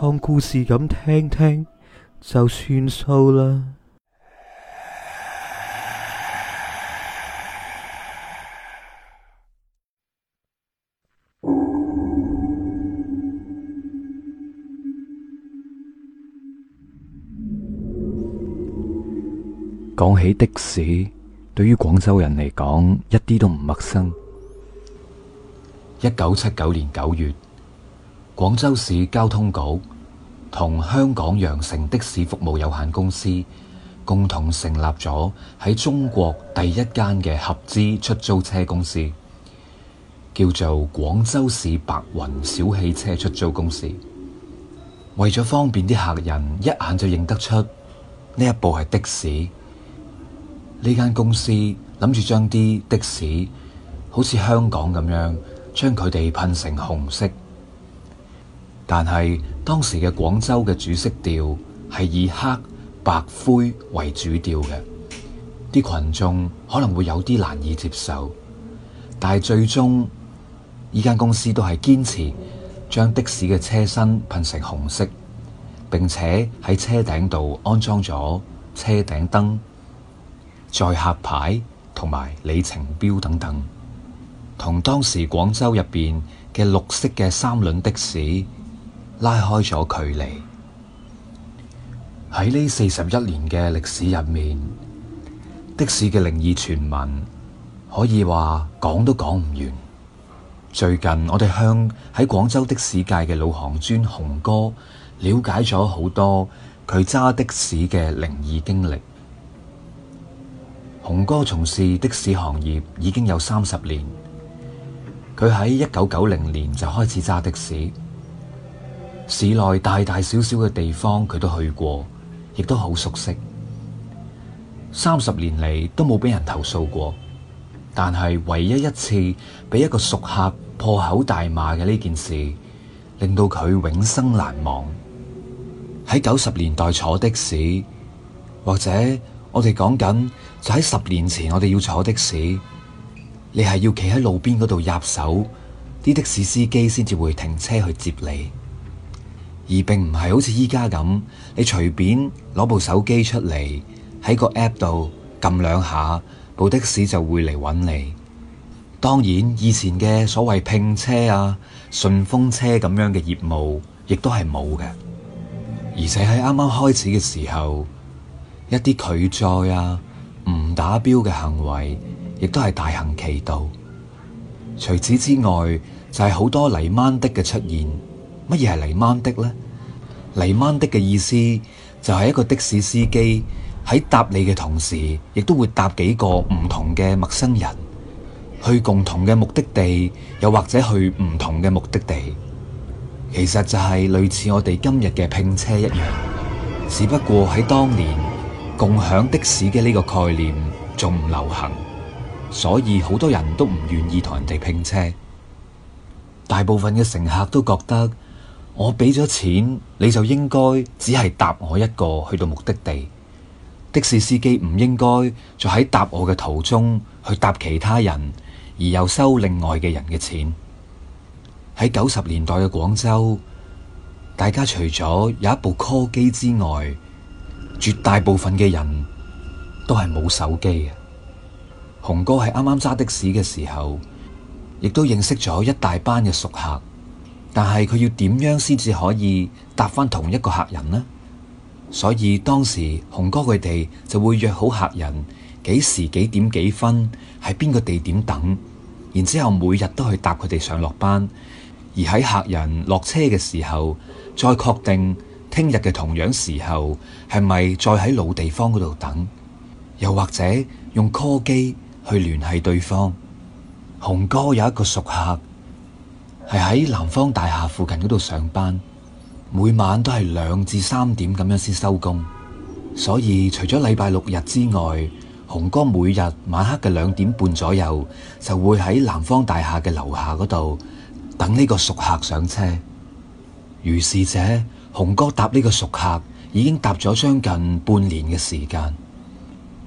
當故事咁聽聽就算數啦。講起的士，對於廣州人嚟講，一啲都唔陌生。一九七九年九月，廣州市交通局同香港羊城的士服務有限公司共同成立咗喺中國第一間嘅合資出租車公司，叫做廣州市白雲小汽車出租公司。為咗方便啲客人一眼就認得出呢一部係的士，呢間公司諗住將啲的士好似香港咁樣，將佢哋噴成紅色。但係當時嘅廣州嘅主色調係以黑、白、灰為主調嘅，啲群眾可能會有啲難以接受。但係最終呢間公司都係堅持將的士嘅車身噴成紅色，並且喺車頂度安裝咗車頂燈、載客牌同埋里程標等等，同當時廣州入邊嘅綠色嘅三輪的士，拉開咗距離。喺呢四十一年嘅歷史入面，的士嘅靈異傳聞可以話講都講唔完。最近我哋向喺廣州的士界嘅老行尊紅哥了解咗好多佢揸的士嘅靈異經歷。紅哥從事的士行業已經有三十年，佢喺一九九零年就開始揸的士。市內大大小小嘅地方，佢都去過，亦都好熟悉。三十年嚟都冇俾人投訴過，但係唯一一次俾一個熟客破口大罵嘅呢件事，令到佢永生難忘。喺九十年代坐的士，或者我哋講緊就喺十年前，我哋要坐的士，你係要企喺路邊嗰度，入手啲的士司機先至會停車去接你。而並唔係好似依家咁，你隨便攞部手機出嚟喺個 App 度撳兩下，部的士就會嚟搵你。當然，以前嘅所謂拼車啊、順風車咁樣嘅業務，亦都係冇嘅。而且喺啱啱開始嘅時候，一啲拒載啊、唔打表嘅行為，亦都係大行其道。除此之外，就係、是、好多泥鯭的嘅出現。乜嘢係嚟曼的呢？嚟曼的嘅意思就係一個的士司機喺搭你嘅同時，亦都會搭幾個唔同嘅陌生人去共同嘅目的地，又或者去唔同嘅目的地。其實就係類似我哋今日嘅拼車一樣，只不過喺當年共享的士嘅呢個概念仲唔流行，所以好多人都唔願意同人哋拼車。大部分嘅乘客都覺得。我俾咗錢，你就應該只係搭我一個去到目的地。的士司機唔應該再喺搭我嘅途中去搭其他人，而又收另外嘅人嘅錢。喺九十年代嘅廣州，大家除咗有一部 call 機之外，絕大部分嘅人都係冇手機嘅。洪哥喺啱啱揸的士嘅時候，亦都認識咗一大班嘅熟客。但係佢要點樣先至可以搭返同一個客人呢？所以當時紅哥佢哋就會約好客人幾時幾點幾分喺邊個地點等，然之後每日都去搭佢哋上落班，而喺客人落車嘅時候再確定聽日嘅同樣時候係咪再喺老地方嗰度等，又或者用 call 機去聯繫對方。紅哥有一個熟客。係喺南方大廈附近嗰度上班，每晚都係兩至三點咁樣先收工，所以除咗禮拜六日之外，洪哥每日晚黑嘅兩點半左右，就會喺南方大廈嘅樓下嗰度等呢個熟客上車。如是者，洪哥搭呢個熟客已經搭咗將近半年嘅時間。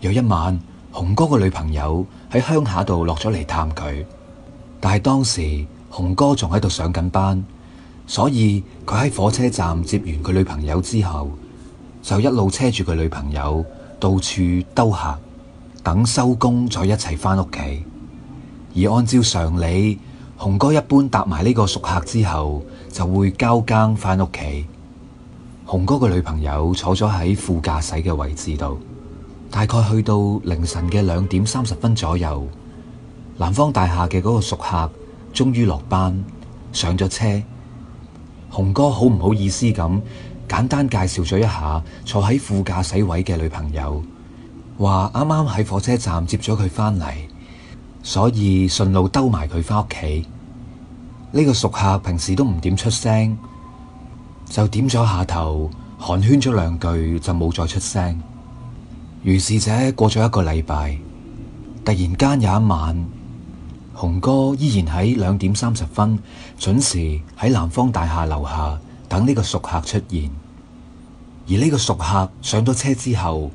有一晚，洪哥個女朋友喺鄉下度落咗嚟探佢，但係當時。洪哥仲喺度上緊班，所以佢喺火車站接完佢女朋友之後，就一路車住佢女朋友到處兜客，等收工再一齊翻屋企。而按照常理，洪哥一般搭埋呢個熟客之後，就會交更翻屋企。洪哥嘅女朋友坐咗喺副駕駛嘅位置度，大概去到凌晨嘅兩點三十分左右，南方大廈嘅嗰個熟客。終於落班，上咗車，洪哥好唔好意思咁簡單介紹咗一下坐喺副駕駛位嘅女朋友，話啱啱喺火車站接咗佢返嚟，所以順路兜埋佢返屋企。呢個熟客平時都唔點出聲，就點咗下頭，寒暄咗兩句就冇再出聲。如是者過咗一個禮拜，突然間有一晚。雄哥依然喺兩點三十分準時喺南方大廈樓下等呢個熟客出現，而呢個熟客上咗車之後，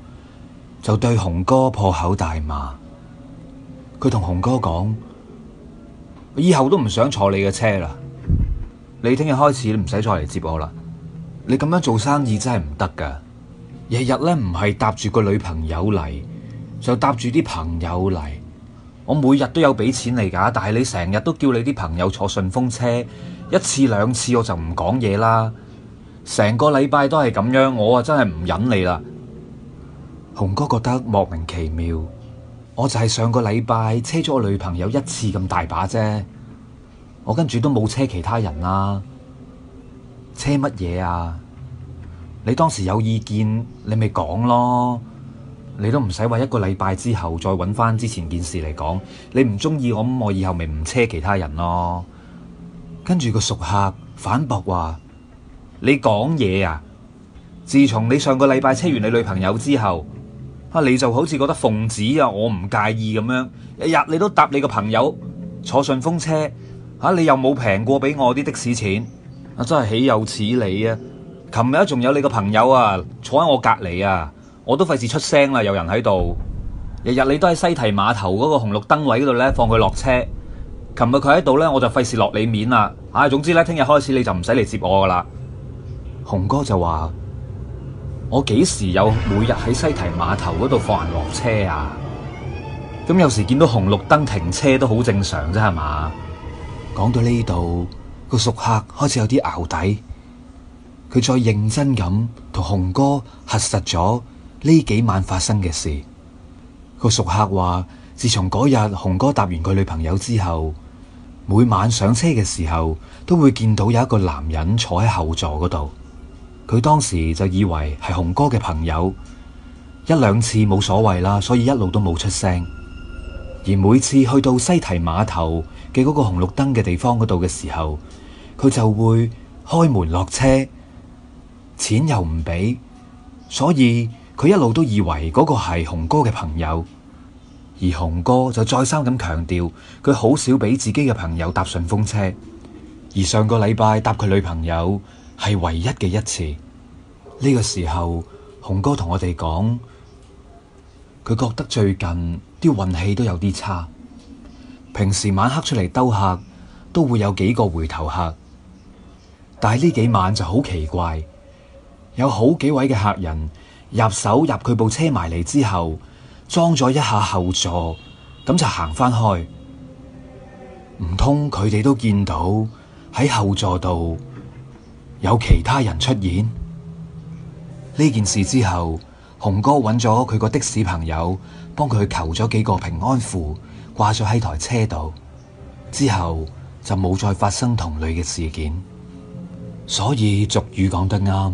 就對雄哥破口大罵。佢同雄哥講：以後都唔想坐你嘅車啦，你聽日開始唔使再嚟接我啦。你咁樣做生意真係唔得噶，日日咧唔係搭住個女朋友嚟，就搭住啲朋友嚟。我每日都有俾錢嚟㗎，但係你成日都叫你啲朋友坐順風車，一次兩次我就唔講嘢啦。成個禮拜都係咁樣，我啊真係唔忍你啦。紅哥覺得莫名其妙，我就係上個禮拜車咗我女朋友一次咁大把啫，我跟住都冇車其他人啦。車乜嘢啊？你當時有意見，你咪講咯。你都唔使話一個禮拜之後再揾翻之前件事嚟講，你唔中意我咁，我以後咪唔車其他人咯。跟住個熟客反駁話，你講嘢啊，自從你上個禮拜車完你女朋友之後，啊你就好似覺得奉旨啊，我唔介意咁樣，日日你都搭你個朋友坐順風車，嚇、啊、你又冇平過畀我啲的，的士錢，啊真係豈有此理啊！琴日仲有你個朋友啊，坐喺我隔籬啊。我都費事出聲啦，有人喺度，日日你都喺西堤碼頭嗰個紅綠燈位嗰度呢，放佢落車。琴日佢喺度呢，我就費事落你面啦。唉、啊，總之呢，聽日開始你就唔使嚟接我噶啦。洪哥就話：我幾時有每日喺西堤碼頭嗰度放人落車啊？咁有時見到紅綠燈停車都好正常啫，係嘛？講到呢度，那個熟客開始有啲淆底，佢再認真咁同洪哥核實咗。呢幾晚發生嘅事，個熟客話：自從嗰日紅哥搭完佢女朋友之後，每晚上車嘅時候都會見到有一個男人坐喺後座嗰度。佢當時就以為係紅哥嘅朋友，一兩次冇所謂啦，所以一路都冇出聲。而每次去到西堤碼頭嘅嗰個紅綠燈嘅地方嗰度嘅時候，佢就會開門落車，錢又唔俾，所以。佢一路都以為嗰個係洪哥嘅朋友，而洪哥就再三咁強調，佢好少俾自己嘅朋友搭順風車，而上個禮拜搭佢女朋友係唯一嘅一次。呢、這個時候，洪哥同我哋講，佢覺得最近啲運氣都有啲差，平時晚黑出嚟兜客都會有幾個回頭客，但係呢幾晚就好奇怪，有好幾位嘅客人。入手入佢部車埋嚟之後，裝咗一下後座，咁就行翻開。唔通佢哋都見到喺後座度有其他人出現？呢件事之後，紅哥揾咗佢個的士朋友，幫佢求咗幾個平安符，掛咗喺台車度，之後就冇再發生同類嘅事件。所以俗語講得啱。